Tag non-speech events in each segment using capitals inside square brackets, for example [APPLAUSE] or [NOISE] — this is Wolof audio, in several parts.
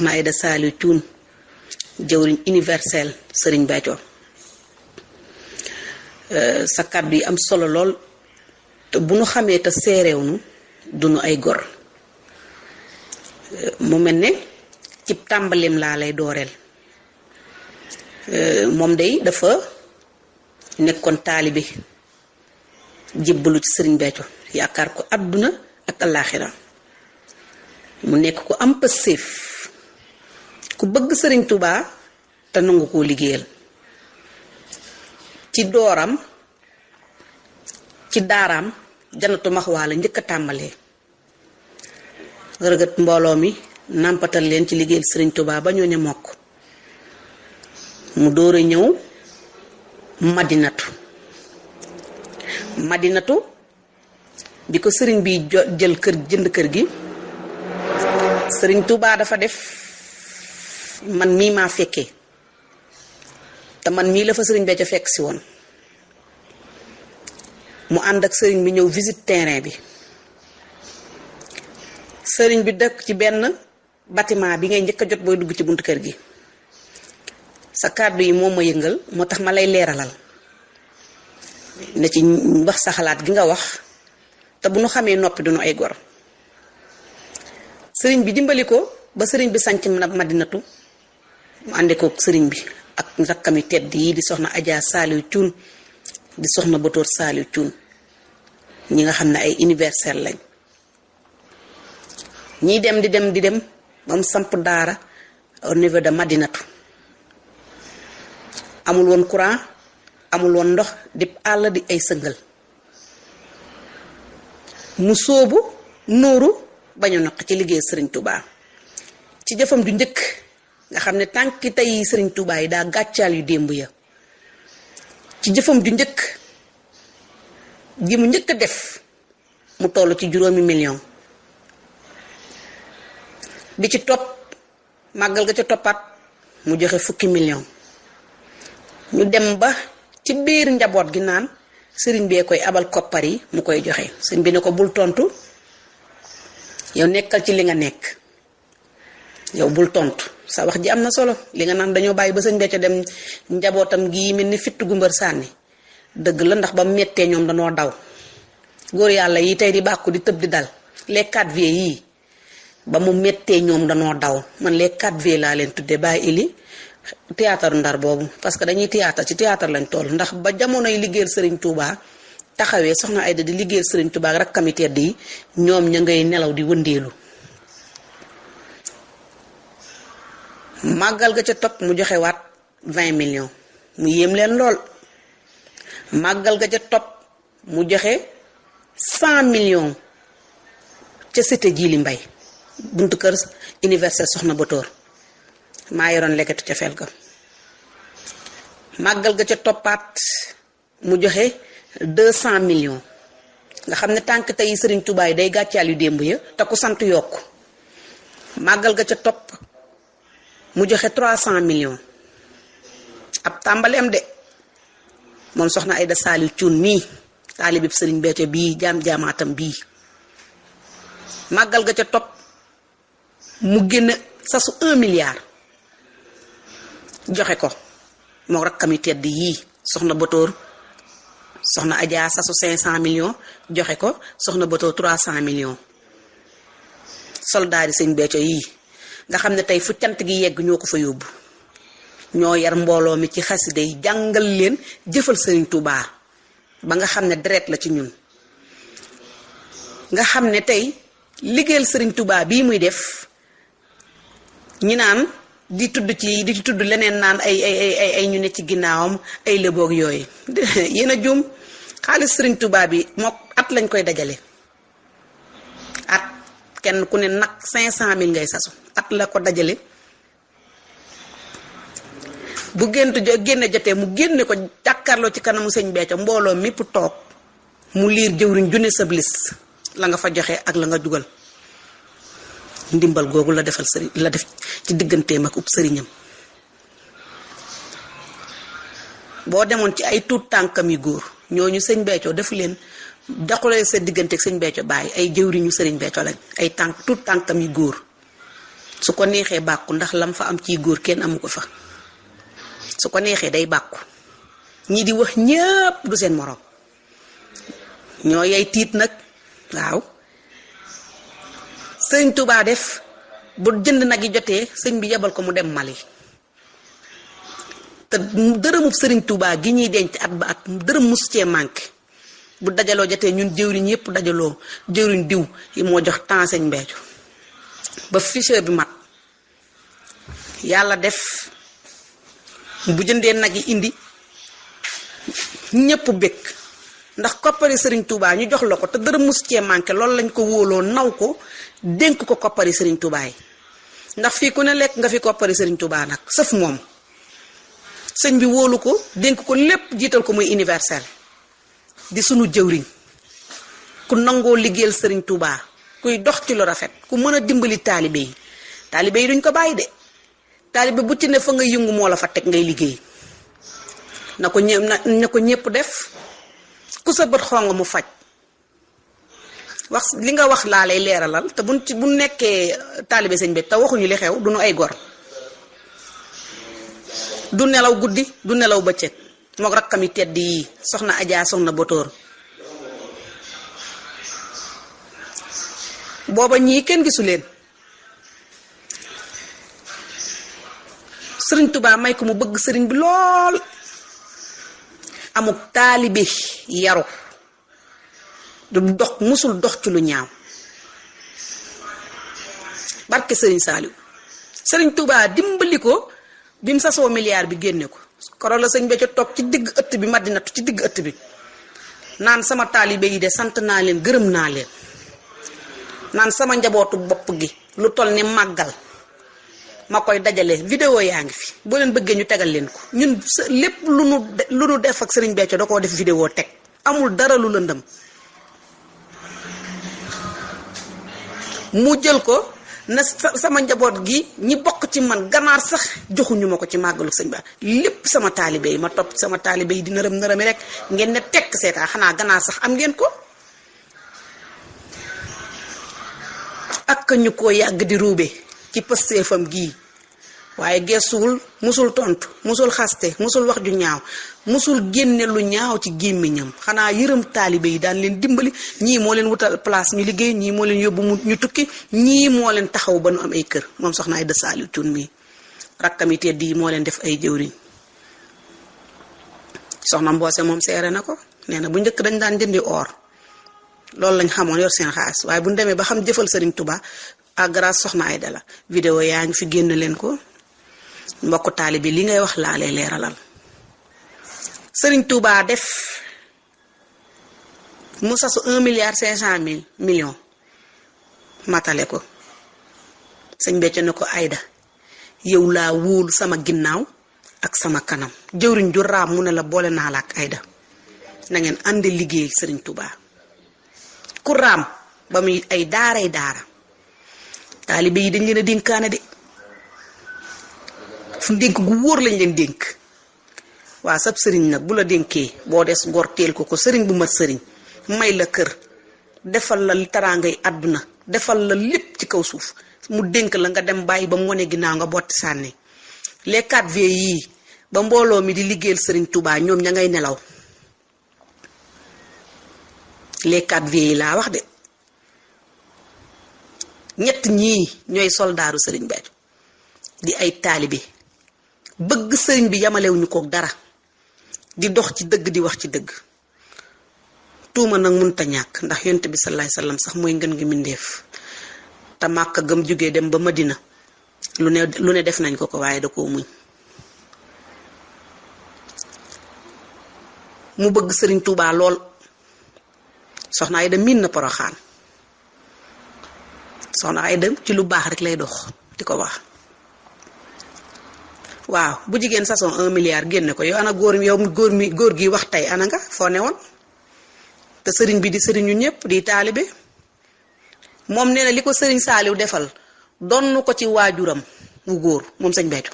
soxna Aida Saliou Thioune jëwriñ universel sëriñ Bàcco euh, sa kàddu yi am solo lool te bu nu xamee te seereew nu duñu ay gor euh, mu mel ne cib tàmbalim laa lay dooreel euh, moom day dafa nekkoon taalibe jébbalu ci sëriñ Bàcco yaakaar ko àdduna ak àllaaxira mu nekk ko am pëseef ku bëgg sëriñ tubaa te nangu koo liggéeyal ci dooram ci daaraam janatu maxwaa njëkk a tàmbalee rëgët mbooloo mi nàmpatal leen ci liggéeyal sëriñ tubaa ba ñooñu mokk mu door ñëw madinatu madinatu bi ko sëriñ bi jël kër jënd kër gi sëriñ tubaa dafa def man mii maa fekkee te man mii la fa sëriñ Béthio fekk si woon mu ànd ak sëriñ bi ñëw visit terrain bi sëriñ bi dëkk ci benn bâtiment bi ngay njëkk a jot booy dugg ci buntu kër gi sa kàddu yi moom ma yëngal moo tax ma lay leeralal ne ci wax sa xalaat gi nga wax te bu nu xamee noppi du nu ay gor sëriñ bi dimbali ko ba sëriñ bi sanc na madinatu mu ànde sëriñ bi ak rakkam yu tedd yi di soxna ajaar Saliou Thioune di soxna Botor Saliou Thioune ñi nga xam ne ay universel lañ ñiy dem di dem di dem ba mu samp daara au niveau de Madinatu amul woon courant amul woon ndox di àll di ay sëngal mu soobu nooru bañu naq ci liggéey sëriñ Touba ci jëfam du njëkk nga xam ne tànki tey sëriñ Touba yi daa gàccaal yu démb ya ci jëfam ju njëkk ji mu njëkk a def mu toll ci juróomi million bi ci topp màggal ga ca toppaat mu joxe fukki million ñu dem ba ci biir njaboot gi naan sëriñ bee koy abal koppar yi mu koy joxe sëriñ bi ne ko bul tontu yow nekkal ci li nga nekk yow bul tontu sa wax ji am na solo li nga naan dañoo bàyyi ba sëñ ca dem njabootam gii mel ni fitt gu mbër sànni dëgg la ndax ba mettee ñoom dañoo daw góor yàlla yi tey di bàkku di tëb di dal les quatre vieux yii ba mu mettee ñoom dañoo daw man les quatre vieux laa leen tuddee bàyyi illi théâtre ndar boobu parce que dañuy théâtre ci théâtre lañ tool ndax ba jamonoy liggéeyal sëriñ Touba taxawee soxna Ayda di liggéeyal sëriñ Touba ak rakkam yi tedd yi ñoom ña ngay nelaw di wëndeelu màggal ga ca topp mu joxe waat vingt millions mu yéem leen lool màggal ga ca topp mu joxe cent million ca cité Djily mbay buntu kër université Soxna Bator maa yoroon leketu ca fel ga màggal ga ca toppaat mu joxe deux cent millions nga xam ne tànk tey Serigne Touba yi day gàccaal yu démb ya te ku sant yokk màggal ga ca topp mu joxe 300 millions ab tàmbaleem de moom soxna Aida Saliou Thioune mii taalibib sëriñ Béthio bii jaam jaamaatam bii màggal ga ca topp mu génn sasu un milliard joxe ko moo rakkam yi tedd yii soxna Botoor soxna Adja sasu 500 millions joxe ko soxna Botoor 300 millions soldaari sëñ Béthio yii. nga xam ne tey fu cant gi yegg ñoo ko fa yóbbu ñoo yar mbooloo mi ci xasida yi jàngal leen jëfal sëriñ Tuubaa ba nga xam ne deret la ci ñun nga xam ne tey liggéeyal sëriñ Tuubaa bii muy def ñi naan di tudd ci di tudd leneen naan ay ay ay ñu ne ci ginnaawam ay lëboog yooyu [LAUGHS] yéen jum juum xaalis sëriñ tubaab yi moo at lañ koy dajale kenn ku ne nag cinq cent mille ngay sasu at la ko dajale bu gént jo génne jotee mu génne ko jàkkaarloo ci kanamu sëñ Béthio mbooloo mépp toog mu liir jëwriñ junne sablis la nga fa joxe ak la nga dugal ndimbal googu la defal sëriñ la def ci digganteem ak ub sëriñam boo demoon ci ay tuut tànkam yu góor ñooñu sëñ Béthio defu leen doxalee sa diggante ak sëñ Béthio bàyyi ay jëwriñu sëriñ Béthio lañ ay tànk tout tànkam yu góor su ko neexee bàkku ndax lam fa am ciy góor kenn amu ko fa su ko neexee day bàkku ñi di wax ñépp du seen moroom ñoo yay tiit nag waaw sëriñ Touba def bu jënd nag yi jotee sëñ bi yebal ko mu dem Mali te dërëmu sëriñ Touba gi ñuy denc at ba at dërëm musu cee manqué bu dajaloo jotee ñun jëwriñ yëpp dajaloo jëwriñ diw yi moo jox temps sëñ Béthio ba fichier bi mat yàlla def bu jëndee nag yi indi ñëpp bëgg ndax koppari sëriñ Touba ñu jox la ko te dara mus cee manqué loolu lañ ko wóoloo naw ko dénk ko koppari sëriñ Touba ndax fii ku ne lekk nga fi koppari sëriñ Touba nag sëf moom sëñ bi wóolu ko dénk ko lépp jiital ko muy universel di sunu jëwriñ ku nangoo liggéeyal sëriñ Touba kuy dox ci lu rafet ku mën a dimbali taalibe yi taalibe yi duñ ko bàyyi de taalibe bu ci ne fa nga yëngu moo la fa teg ngay liggéey na ko ñë ko ñépp def ku sa bët xong mu faj wax li nga wax laa lay leeralal te buñ ci bu nekkee taalibe sëñ bi te waxuñu li xew duñu ay gor du nelaw guddi du nelaw bëccëg mook rakkam yi tedd yi soxna Adja soxna Botoor booba ñii kenn gisu leen sëriñ tubaa may ko mu bëgg sëriñ bi lool amuk taalibe yaru du dox musul dox ci lu ñaaw barke sëriñ Saaliw sëriñ Tuubaa dimbali ko bi mu sasoo milliard bi génne ko koro la sëñ Béthio toog ci digg ëtt bi madinatu ci digg ëtt bi naan sama taalibe yi de sant naa leen gërëm naa leen naan sama njabootu bopp gi lu toll ni màggal ma koy dajale vidéo yaa ngi fi boo leen bëggee ñu tegal leen ko ñun lépp lu nu def ak sëriñ Béthio da koo def vidéo teg amul dara lu lëndëm mu jël ko na sama njaboot gi ñi bokk ci man ganaar sax joxuñu ma ko ci màggalu sëñ ba lépp sama taalibe ma topp sama taalibe di nërëm nërëmi rek ngeen ne tekk seetaan xanaa ganaar sax am ngeen ko ak ñu ko yàgg di ruube ci pësteefam gii waaye gestuwul musul tontu musul xaste musul wax ju ñaaw musul génne lu ñaaw ci gémmiñam xanaa yërëm taalibe yi daan leen dimbali ñii moo leen wutal place ñu liggéey ñii moo leen yóbbu mu ñu tukki ñii moo leen taxaw ba nu am ay kër moom soxna Aida Saliou Thioune mii rakkam yi tedd moo leen def ay jëwriñ soxna Mboose moom seere na ko nee na bu njëkk dañ daan jëndi or loolu lañ xamoon yor seen xaalis waaye bu ñu demee ba xam jëfal Serigne Touba à grâce soxna Aida la vidéo yaa ngi fi génn leen ko mbokk taalibe bi li ngay wax laa lay leeralal sëriñ Touba def mu sasu un milliard cinq cent mille millions matale ko sëñ Béthio ne ko ayda yow laa wóolu sama ginnaaw ak sama kanam jëwriñ ju raam mu ne la boole naa la ak Aida na ngeen ànd liggéey sëriñ Touba ku raam ba muy ay daaray daara taalibe yi dañ leen a dénkaane de su ndénk gu wóor lañ leen dénk waa sab sëriñ nag bu la dénkee boo des gor ko ko sëriñ bu mat sëriñ may la kër defal la taraangay àdduna defal la lépp ci kaw suuf mu dénk la nga dem bàyyi ba mu wane ginnaaw nga botti sànni les quatre yi ba mbooloo mi di liggéeyal sëriñ Touba ñoom ña ngay nelaw les quatre yi laa wax de ñett ñi ñooy soldaaru sëriñ Béthio di ay taalibe bëgg sëriñ bi yamalewuñu kook dara di dox ci dëgg di wax ci dëgg tuuma nag munta ñàkk ndax yont bi sallallahu alayhi sax mooy ngën gi mbindeef te màkka gëm jóge dem ba madina lu ne lu ne def nañ ko ko waaye da koo muñ mu bëgg sëriñ tuubaa lool soxna Ayda miin na poroxaan soxna ay Ayda ci lu baax rek lay dox di ko wax waaw bu jigéen sason un milliard génne ko yow ana góor yow góor mi góor gi wax tey ana nga foo ne woon te sëriñ bi di sëriñu ñu ñëpp di taalibe moom nee na li ko sëriñ saaliw defal donn ko ci waajuram mu góor moom sëñ Béthio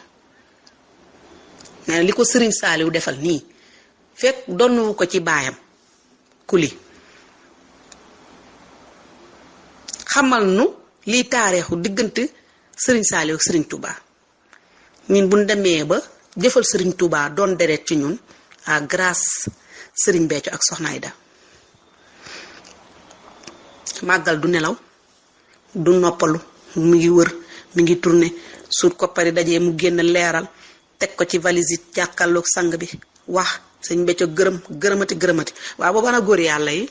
li ko sëriñ saaliw defal nii fekk donnu ko ci baayam kuli xamal nu liy taarixu diggante sëriñ saaliw sëriñ tubaa ñun bu ñu demee ba jëfal sëriñ Touba doon deret ci ñun à grâce sëriñ Béthio ak soxnayda màggal du nelaw du noppalu mu ngi wër mi ngi turne suut koppari dajee mu génn leeral teg ko ci valise yi jàkkaarloog sang bi wax sëñ Béthio gërëm gërëmati gërëmati waaw booba na góor yàlla yi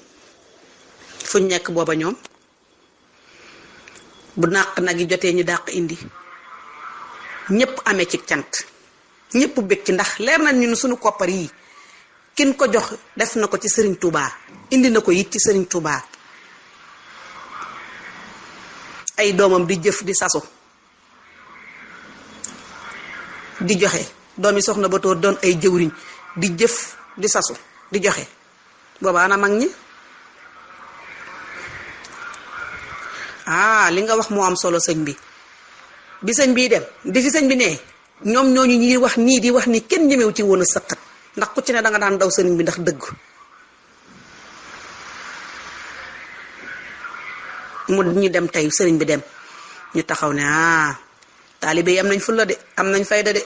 fuñ nekk booba ñoom bu nàq nag yi jotee ñu dàq indi ñëpp amee ci cant ñëpp bég ci ndax leer nañ ñun suñu koppar yi kin ko jox def na ko ci sëriñ Touba indi na ko it ci sëriñ Touba ay doomam di jëf di sasu di joxe yi soxna ba toor doon ay jëwriñ di jëf di sasu di joxe boobaa na mag ñi ah li nga wax moo am solo sëñ bi bi sëñ bii dem di fi sëñ bi nee ñoom ñooñu ñuy wax nii di wax ni kenn ñemew ci woon a sëqat ndax ku ci ne da nga daan daw sëriñ bi ndax dëgg mu ñu dem tey sëriñ bi dem ñu taxaw ne ah taalibe yi am nañ fulla de am nañ fayda de